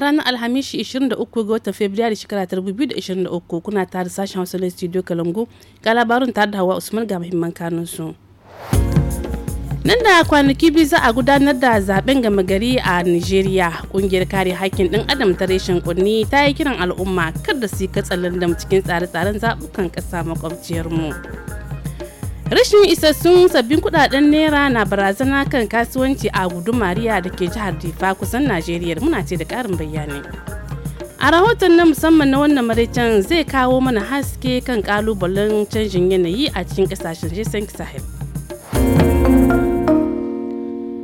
ranar Alhamishi 23 ga watan Fabrairu shekara 2023 kuna tare sashen Hausa na Studio Kalangu ga labarin tare da Hawa Usman ga muhimman su. Nan da kwanaki biyu za a gudanar da zaben gama gari a Nigeria. Kungiyar kare hakkin ɗin Adam ta reshen kunni ta yi kiran al'umma kada su yi katsalandan cikin tsare-tsaren zaɓukan ƙasa makwabciyarmu. mu. rashin isassun sabbin kudaden naira na barazana kan kasuwanci a gudumariya da ke jihar difa kusan najeriya muna ce da karin bayani a rahoton na musamman na wannan maraicen zai kawo mana haske kan kalubalen canjin yanayi a cikin kasashen jason sahel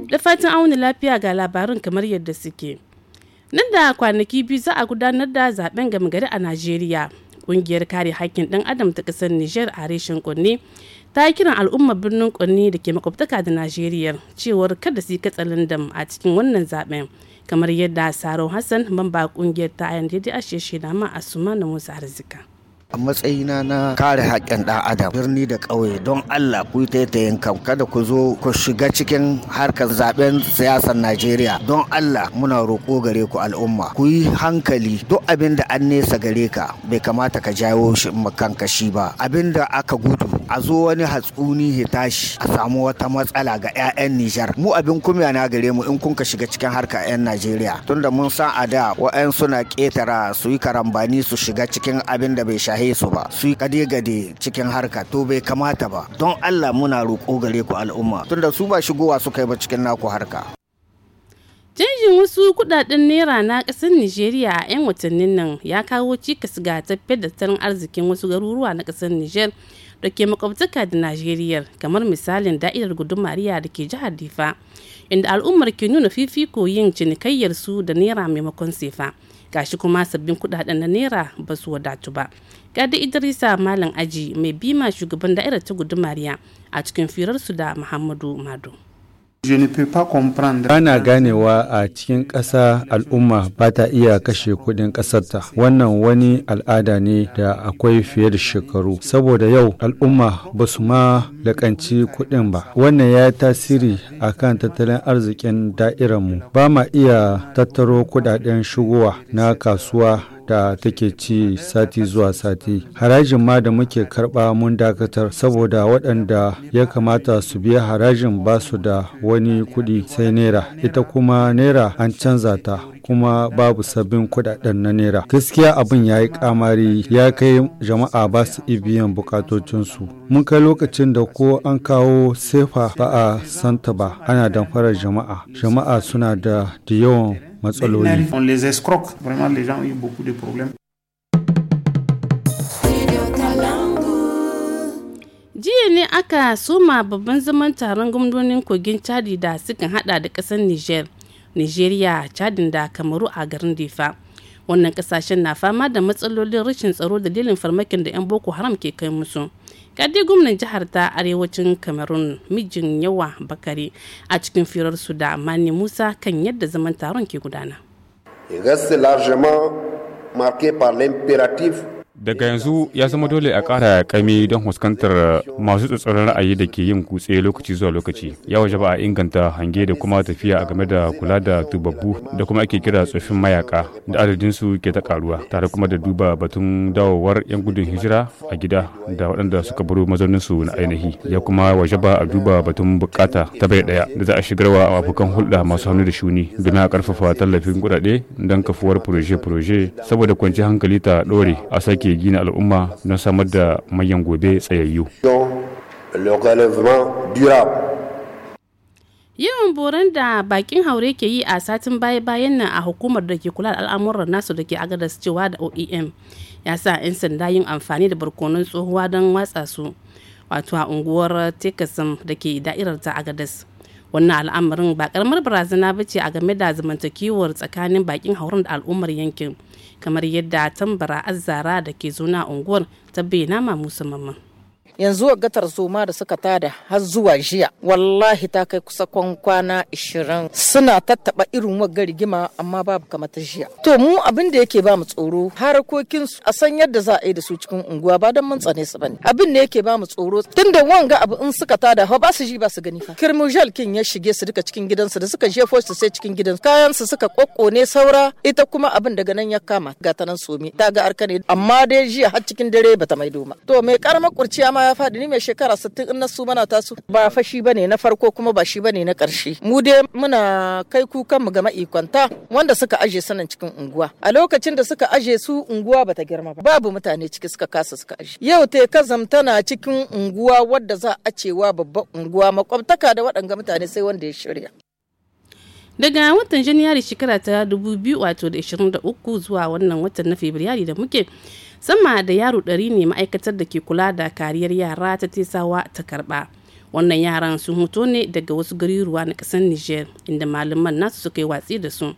da fatan auna lafiya ga labarin kamar yadda suke nan da kwanaki biyu za a gudanar da zaben gama gari a najeriya Ƙungiyar kare haƙƙin ɗan adam ta ƙasar Nijar a reshen kunne ta yi kiran al'ummar birnin kunne da ke makwabtaka da Najeriya cewar kada su yi dam a cikin wannan zaɓen kamar yadda Saro Hassan mamba ƙungiyar ta ayyana ya a sheshe da ma suma na Musa Arzika. a matsayina na kare haƙƙin ɗan adam birni da ƙauye don Allah ku ta kan. kada ku zo ku shiga cikin harkar zaben siyasar Najeriya don Allah muna roƙo gare ku al'umma ku yi hankali duk abin da an nesa gare ka bai kamata ka jawo shi makan kashi ba abin da aka gudu a zo wani hatsuni ya tashi a samu wata matsala ga 'ya'yan Nijar. Mu abin kumya na gare mu in kun ka shiga cikin harka 'yan Najeriya. Tunda mun san a da wa'yan suna ƙetara su yi karambani su shiga cikin abin da bai shahe su ba. Su yi gade-gade cikin harka to bai kamata ba. Don Allah muna roƙo gare ku al'umma. Tunda su ba shigowa su kai ba cikin naku harka. Canjin wasu kudaden naira na kasar nigeria a 'yan watannin nan ya kawo cikas ga tafiyar tattalin arzikin wasu garuruwa na kasar Nijar da ke makwabtaka da najeriya kamar misalin da'irar gudun mariya da ke jihar difa inda al'ummar ke nuna fifiko yin cinikayyar su da naira maimakon sefa gashi kuma sabbin kudaden na naira ba su wadatu ba gadi idrisa malam aji mai bima shugaban da'irar ta gudun mariya a cikin firarsu da muhammadu mado Ana ganewa a cikin ƙasa al'umma ba ta iya kashe kuɗin ƙasarta. Wannan wani al'ada ne da akwai fiye da shekaru. Saboda yau al'umma ba su ma laƙanci kuɗin ba. Wannan ya yi tasiri a kan tattalin arzikin da'iranmu. Ba ma iya tattaro kuɗaɗen shigowa na kasuwa da take ci sati zuwa sati harajin ma da muke karba mun dakatar saboda waɗanda ya kamata su biya harajin ba su da wani kuɗi sai naira ita kuma naira an canza ta kuma babu sabbin kuɗaɗen na naira gaskiya abin ya yi kamari ya kai jama'a ba su ibiyan bukatocinsu mun kai lokacin da ko an kawo sefa ba a santa ba ana damfarar jama'a jama'a suna da da yawan matsaloli. jiya ne aka soma babban zaman taron gwamnonin kogin chadi da sukan hada da kasar niger nigeria chadin da kamaru a garin difa wannan kasashen na fama da matsalolin rashin tsaro dalilin farmakin da 'yan boko haram ke kai musu kadi gwamnan jihar ta arewacin cameroon mijin yawa bakari a cikin firarsu da mani musa kan yadda zaman taron ke gudana. reste largement marqué par l'impératif daga yanzu ya zama dole a ƙara ƙami don fuskantar masu tsatsauran ra'ayi da ke yin kutse lokaci zuwa lokaci ya waje ba a inganta hange da kuma tafiya a game da kula da tubabbu da kuma ake kira tsofin mayaka da adadinsu ke ta karuwa tare kuma da duba batun dawowar 'yan gudun hijira a gida da waɗanda suka baro mazauninsu na ainihi ya kuma waje ba a duba batun bukata ta bai ɗaya da za a shigarwa abokan hulɗa masu hannu da shuni domin a ƙarfafa tallafin kuɗaɗe don kafuwar furoje-furoje saboda kwanci hankali ta ɗore a sake gina al'umma na samar da manyan gobe tsayayyu. Yawan boran da bakin haure ke yi a satin baya-bayan nan a hukumar da ke kula da al'amuran nasu da ke agadas cewa da OEM ya sa 'yan sanda yin amfani da barkonon tsohuwa don watsa su wato a unguwar Tekasam da ke da'irar ta agadas. wannan al'amarin ba karamar barazana ba ce a game da zamantakewar tsakanin bakin hauren da al'ummar yankin kamar yadda tambara azzara da ke zuna unguwar ta bayyana ma musamman yanzu a gatar zoma da suka tada har zuwa jiya wallahi ta kai kusa kwana ishirin suna tattaba irin wagga rigima amma babu kamar jiya to mu abin da yake ba mu tsoro harkokin a san yadda za a yi da su cikin unguwa ba don mun tsane su bane abin da yake ba mu tsoro tunda wanga abu in suka tada ba su ji ba su gani fa kirmujal kin ya shige su duka cikin gidansu da suka jefo su sai cikin gidan kayan su suka kokkone saura ita kuma abin daga nan ya kama ga ta nan somi ta ga arka ne amma dai jiya har cikin dare ba ta mai doma. to mai karamar kurciya ma ya faɗi ni mai shekara 60 in na su mana tasu ba fashi shi bane na farko kuma ba shi bane na ƙarshe mu dai muna kai kukan mu ga ma'ikwanta wanda suka aje sanin cikin unguwa a lokacin da suka aje su unguwa bata girma ba babu mutane ciki suka kasa suka aje yau te kazam tana cikin unguwa wadda za a cewa babban unguwa makwabtaka da waɗanga mutane sai wanda ya shirya daga watan janairu shekara ta 2023 zuwa wannan watan na fabrairu da muke sama da yaro ɗari ne ma'aikatar da ke kula da kariyar yara ta tesawa ta karba wannan yaran sun hoto ne daga wasu garuruwa na kasar niger inda malaman nasu suka yi watsi da su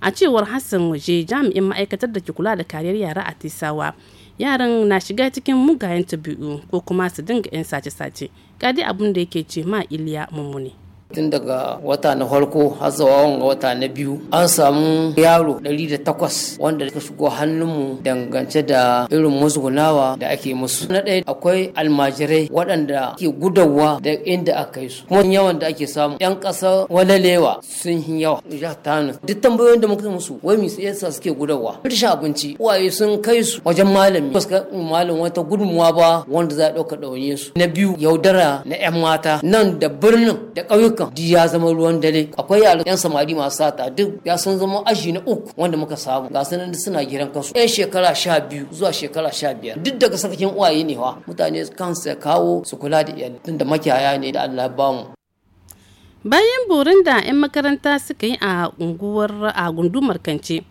a cewar hassan waje jami'in ma'aikatar da ke kula da kariyar yara a tesawa yaran na shiga cikin mugayen tabi'u ko kuma su dinga 'yan sace-sace kadi abin da yake ce ma iliya mummuni tun daga wata na farko har zuwa wanga wata na biyu an samu yaro da 108 wanda suka shigo hannunmu dangance da irin musgunawa da ake musu na ɗaya akwai almajirai waɗanda ke gudawa da inda aka yi su kuma yawan da ake samu yan ƙasa walalewa sun yi yawa ya tanu duk tambayoyin da muka musu wai mi yasa suke gudawa rashin abinci uwaye sun kai su wajen malami ba su malam wata gudunmuwa ba wanda za a ɗauka ɗaunin su na biyu yaudara na 'yan mata nan da birnin da ƙauyuka dukkan duk ya zama ruwan dare akwai yaran yan samari masu sata duk ya san zama aji na uku wanda muka samu ga sanan suna gidan kansu yan shekara sha biyu zuwa shekara sha biyar duk daga sarkin uwaye ne wa mutane kan kawo su kula da iyali tunda makiyaya ne da Allah ba mu bayan burin da 'yan makaranta suka yi a unguwar a gundumar kance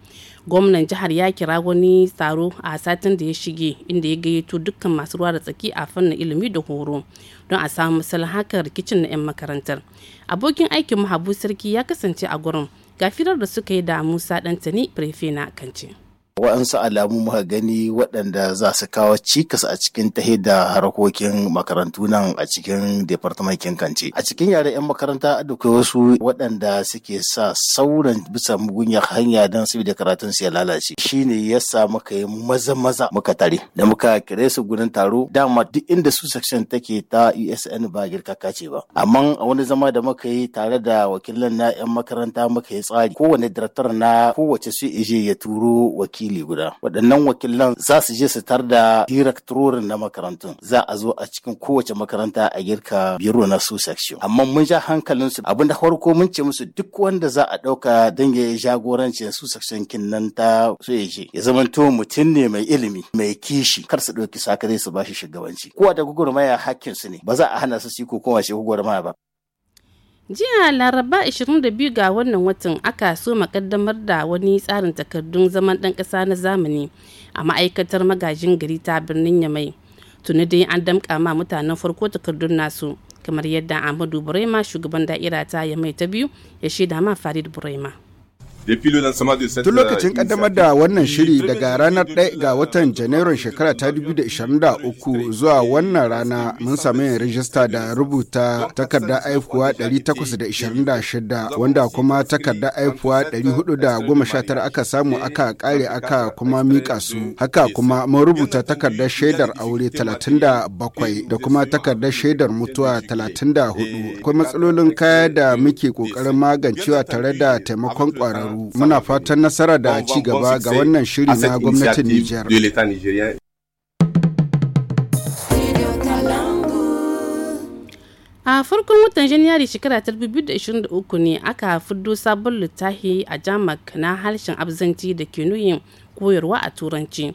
gwamnan jihar ya kira wani tsaro a satin da ya shige inda ya gayyato dukkan masu ruwa da tsaki a fannin ilimi da horo don a samu haka rikicin na 'yan makarantar abokin aikin mahabu sarki ya kasance a gurin gafirar da suka yi da musa dantani prefe na kance. waɗansu alamu muka gani waɗanda za su kawo cikas a cikin ta da harkokin makarantu nan a cikin departamentin kanci a cikin yare 'yan makaranta akwai wasu waɗanda suke sa sauran bisa mugunya hanya don saboda karatun su ya lalace ne ya sa muka yi maza maza muka tare da muka kire su gurin taro dama duk inda su section take ta USN ba girkaka ce ba amma a wani zama da muka yi tare da wakilan na 'yan makaranta muka yi tsari kowane daraktar na kowace su ya turo wakil wakili guda waɗannan wakilan za su je su tar da direktorin na makarantun za a zo a cikin kowace makaranta a girka biro na su section amma mun ja hankalin su abinda farko mun ce musu duk wanda za a ɗauka don ya jagoranci su section kin nan ta so ya je ya zamanto mutum ne mai ilimi mai kishi kar su ɗauki sakare su bashi shugabanci kowa da gugurmaya hakkin su ne ba za a hana su su yi kokowa shi gugurmaya ba jiya laraba 22 ga wannan watan aka so makaddamar da wani tsarin takardun zaman ɗan ƙasa na zamani a ma'aikatar magajin gari ta birnin yamai tuni dai an damka ma mutanen farko takardun nasu kamar yadda amadu burema shugaban da'ira ta yamai ta biyu ya shaida ma farid burema Tun lokacin kaddamar da wannan shiri daga ranar 1 ga watan Janairun shekara ta 2023 zuwa wannan rana mun samu yin rijista da rubuta takarda aifuwa 826 wanda kuma takarda aifuwa 419 aka samu aka kare aka kuma mika su. Haka kuma mun rubuta takardar shaidar aure 37 da kuma takardar shaidar mutuwa 34. Akwai matsalolin kaya da muke kokarin magancewa tare da taimakon kwararru. muna fatan nasara da ci gaba ga wannan shiri na gwamnatin Nijar. a farkon watan janairu shekara ta 2023 ne aka fiddo sabon littafi a jamak na harshen abzanci da ke nuyin koyarwa a turanci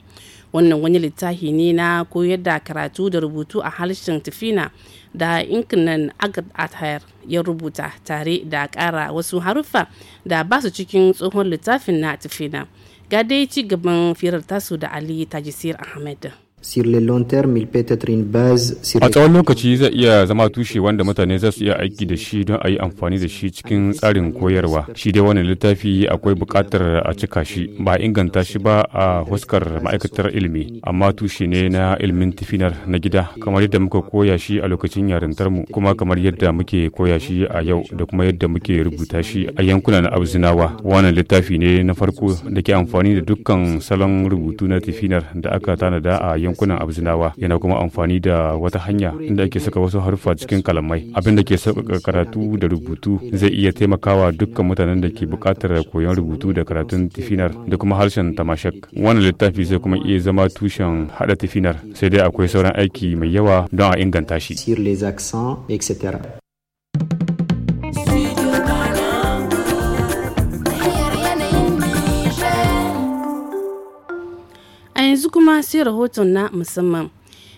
wannan wani littafi ne na koyar da karatu da rubutu a harshen tafina da inkinan agat atayar ya rubuta tare da ƙara wasu haruffa da ba su cikin tsohon littafin na tafina ga dai ci gaban firar tasu da ali tajisir ahmed a tsawon lokaci zai iya zama tushe wanda mutane za su iya aiki da shi don a yi amfani da shi cikin tsarin koyarwa shi dai wannan littafi akwai buƙatar a cika shi ba inganta shi ba a huskar ma'aikatar ilimi amma tushe ne na ilimin tifinar na gida kamar yadda muka koya shi a lokacin yarintar mu kuma kamar yadda muke koya shi a yau da kuma yadda muke rubuta shi a yankuna yankunan abzinawa wannan littafi ne na farko da ke amfani da dukkan salon rubutu na tifinar da aka tanada a yau yankunan abzinawa yana kuma amfani da wata hanya inda ake saka wasu haruffa cikin kalamai abin da ke sauƙaƙa karatu da rubutu zai iya taimakawa dukkan mutanen da ke buƙatar koyon rubutu da karatun tifinar da kuma harshen tamashek wannan littafi zai kuma iya zama tushen haɗa tifinar sai dai akwai sauran aiki mai yawa don a inganta shi yanzu kuma sai rahoton na musamman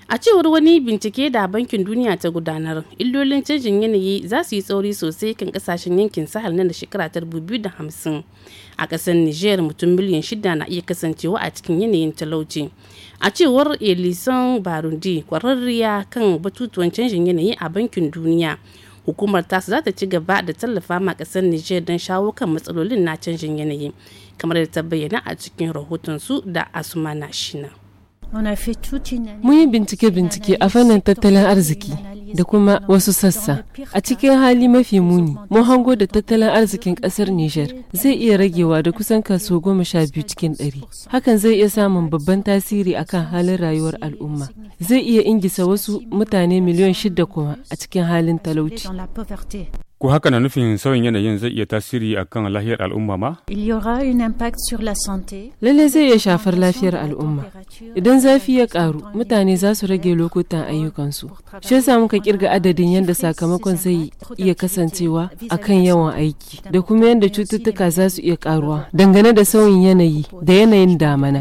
a cewar wani bincike da bankin duniya ta gudanar illolin canjin yanayi za su yi tsauri sosai kan kasashen yankin sahel na da shekara ta hamsin a kasar niger mutum miliyan shida na iya kasancewa a cikin yanayin talauci a cewar elison barundi kwararriya kan batutuwan canjin yanayi a bankin duniya hukumar tasu za ta ci gaba da tallafa ma ƙasar niger don shawo kan matsalolin na canjin yanayi kamar da ta bayyana a cikin rahoton su da asumana shina mun yi bincike-bincike a fannin tattalin arziki da kuma wasu sassa a cikin hali mafi muni mun hango da tattalin arzikin kasar Nijar zai iya ragewa da kusan kaso goma sha biyu cikin ɗari hakan zai iya samun babban tasiri a kan halin rayuwar al'umma zai iya ingisa wasu mutane miliyan shida kuma a cikin halin talauci Ko haka na nufin sauyin yanayin zai iya tasiri a kan lafiyar al'umma ma? Lallai zai iya shafar lafiyar al'umma. Idan zafi ya karu, mutane za su rage lokutan ayyukansu. Shi yasa muka kirga adadin yadda sakamakon zai iya kasancewa a kan yawan aiki da kuma yadda cututtuka za su iya karuwa dangane da sauyin yanayi da yanayin damana.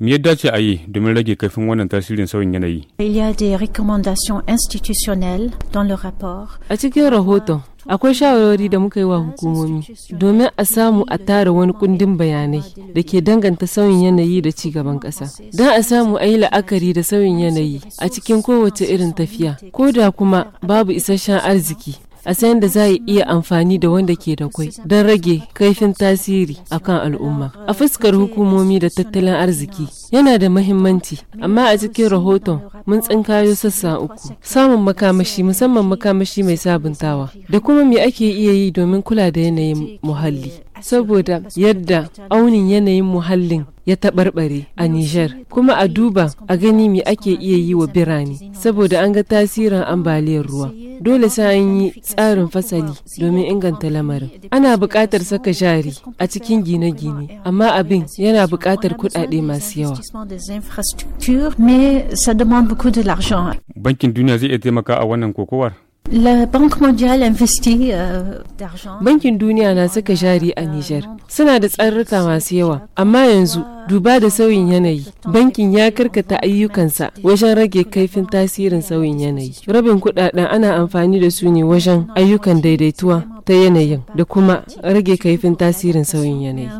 Me ya dace a yi domin rage kaifin wannan tasirin sauyin yanayi? A cikin rahoton, akwai shawarwari da muka yi wa hukumomi domin a samu a tara wani kundin bayanai da ke danganta sauyin yanayi da ci gaban ƙasa. Don a samu a yi la'akari da sauyin yanayi a cikin kowace irin tafiya, ko da kuma babu isasshen arziki a sayan da za a iya amfani da wanda ke da kwai don rage kaifin tasiri a kan al'umma a fuskar hukumomi da tattalin arziki yana da mahimmanci amma a cikin rahoton mun tsinkayo sassa uku samun makamashi musamman makamashi mai sabuntawa da kuma me ake iya yi domin kula da yanayin muhalli saboda yadda aunin yanayin muhallin ya taɓarɓare a Nijar. Kuma a duba a gani me ake iya yi wa birane saboda an ga tasirin ambaliyar ruwa. Dole sai an yi tsarin fasali domin inganta lamarin. Ana buƙatar saka jari a cikin gine-gine, amma abin yana buƙatar kuɗaɗe masu yawa. Bankin Duniya zai iya taimaka a wannan kokowar? La Banque mondiale euh, Bankin duniya na saka jari a Nijar. Suna da tsarruka masu yawa, amma yanzu duba da sauyin yanayi, bankin ya karkata ayyukansa wajen rage kaifin tasirin sauyin yanayi. Rabin kudaden ana amfani da su ne wajen ayyukan daidaituwa ta yanayin da kuma rage kaifin tasirin sauyin yanayi.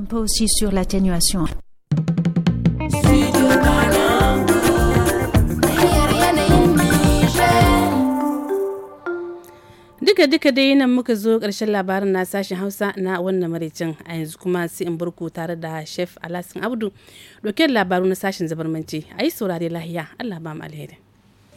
duka-duka dai nan muka zo ƙarshen labarin na sashen hausa na wannan maraicin a yanzu kuma sai in burku tare da chef alasin abdu ɗauke labaru na sashen zabarmanci a yi saurare lahiya allah ba mu alheri